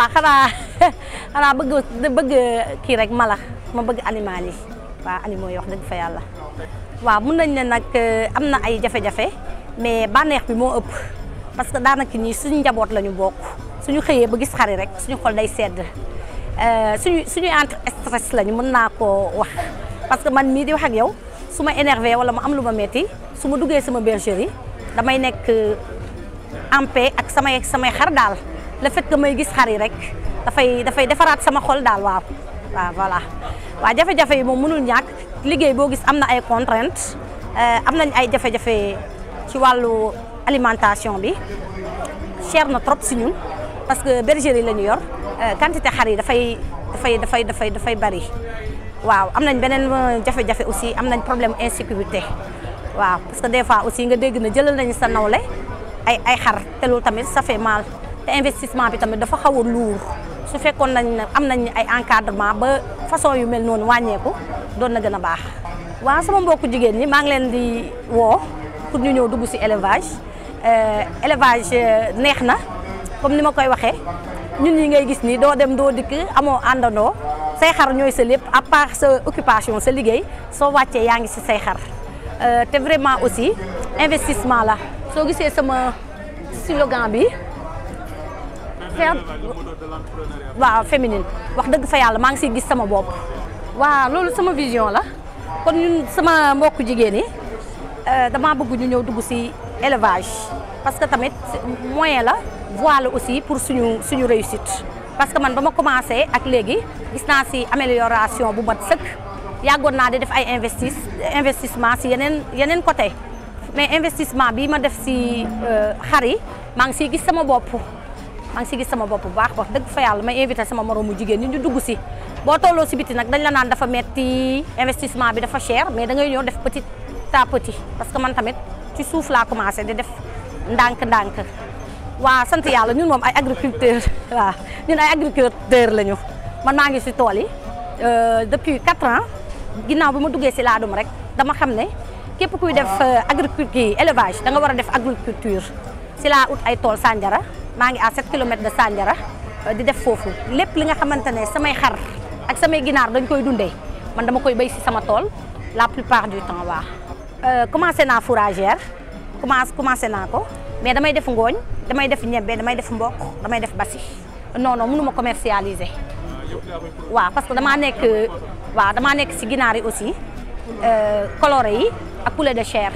waa xanaa xanaa bëgg bëgg kii rek mala ma bëgg animal yi waaw animaux yi wax dëgg fa yàlla waaw mun nañ ne nag euh, am na ay jafe-jafe mais bànneex bi moo ëpp parce que daanaka ñii suñu njaboot la ñu bokk suñu xëyee ba gis xari rek suñu xool day sedd euh, suñu suñu entre stress lañu mën naa koo wax parce que man mii di wax ak yow su ma énervé wala mu am lu ma metti su ma duggee sama yi damay nekk euh, en paix ak samay samay xar daal le fait que may gis rek da fay da fay defarat sama xol dal waaw wa voilà wa jafé jafé mom mënul ñak liggéey bo gis amna ay contraintes euh amna ay jafé jafé ci walu alimentation bi cher na trop ci ñun parce que bergerie lañu yor quantité fay da fay da fay da fay bari waaw amnañ benen jafé jafé aussi amnañ problème insécurité waaw parce que des fois aussi nga dégg na jëlal nañ sa nawlé ay ay xar té lool tamit ça fait mal te investissement bi tamit dafa xaw a lourd su fekkoon nañ ne am nañ ay encadrement ba façon yu mel noonu wàññeeku doon na gën a baax. waaw sama mbokku jigéen ñi maa ngi leen di woo pour ñu ñëw dugg ci élevage euh, élevage euh, neex na comme ni ma koy waxee ñun yi ngay gis nii doo dem doo dikk amoo àndandoo say xar ñooy sa lépp à part sa occupation sa liggéey soo wàccee yaa ngi ci say xar euh, te vraiment aussi investissement la soo gisee sama slogan bi. affaire waaw féminine wax dëgg fa yàlla maa ngi siy gis sama bopp. waaw loolu sama vision la kon ñun sama mbokku jigéen yi euh, damaa bëgg ñu ñëw dugg si élevage parce que tamit moyen la voile aussi pour suñu suñu réussite. parce que man ba ma commencé ak léegi gis naa si amélioration bu mat sëkk yàggoon naa di def ay investis investissement si yeneen yeneen côté mais investissement bi ma def si euh, xar yi maa ngi siy gis sama bopp. maa ngi gis sama bop bu baax wax deug fa yalla may inviter sama moroomu jigen ñu dugg si bo tolo si biti nak dañ la naan dafa metti investissement bi dafa cher mais da ngay def petit ta petit parce que man tamit ci souf la commencé di def ndank ndank wa sant yalla ñun mom ay agriculteur wa ñun ay agriculteur lañu man ma ngi si tool yi eh, depuis 4 ans ginnaw bima duggé ci si dum rek dama xamné képp kuy def eh, agriculture élevage da nga wara def agriculture si la ut ay tool sanjara maa ngi à 7 kilomètres de Sandiara euh, di def foofu lépp li nga xamante ne samay xar ak samay ginaar dañ koy dundee man dama koy béy si sama tool la plupart du temps waa euh, commencé naa fourragère commencé commencé naa ko mais damay def ngooñ damay def ñebbe damay def mboq damay def basi non non mënu ma commercialiser waaw parce que damaa nekk waaw damaa nekk si ginaar yi aussi euh, coloré yi ak poulet de chair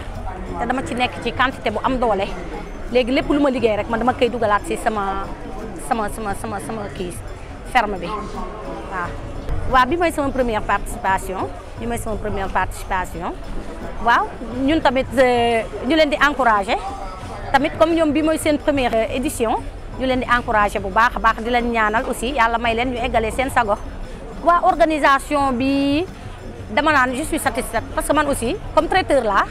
te dama ci nekk ci quantité bu am doole léegi lépp lu ma liggéey rek man dama koy dugalaat si sama sama sama sama sama kii ferme bi waaw. waaw bi may sama première participation bi may sama première participation waaw ñun tamit euh, ñu leen di encouragé tamit comme ñoom bi mooy seen première édition ñu leen di encouragé bu baax a baax di leen ñaanal aussi yàlla may leen ñu eggalee seen sago waa organisation bi dama naan je suis satisfaite parce que man aussi comme traiteur laa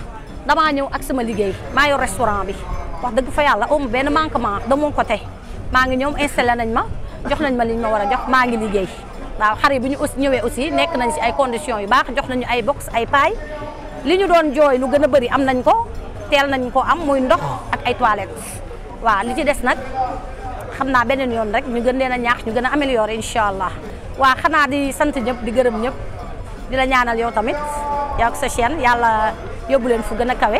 dama ñëw ak sama liggéey maa yor restaurant bi. wax dëgg fa yàlla amul um, benn manquement de mon côté maa ngi ñoom installé nañ ma jox nañ ma liñ ma war a jox maa ngi liggéey waaw xar yi bu ñu aussi ñëwee aussi nekk nañ si ay condition yu baax jox nañu ay box ay paay li ñu doon jooy lu gën a bëri am nañ ko teel nañ ko am muy ndox ak ay toilettes waaw li ci des nag xam naa beneen yoon rek ñu gën leen a ñaax ñu gën a améliorer incha allah waaw xanaa di sant ñëpp di gërëm ñëpp di la ñaanal yow tamit yow ak yàlla yóbbu leen fu gën a kawe.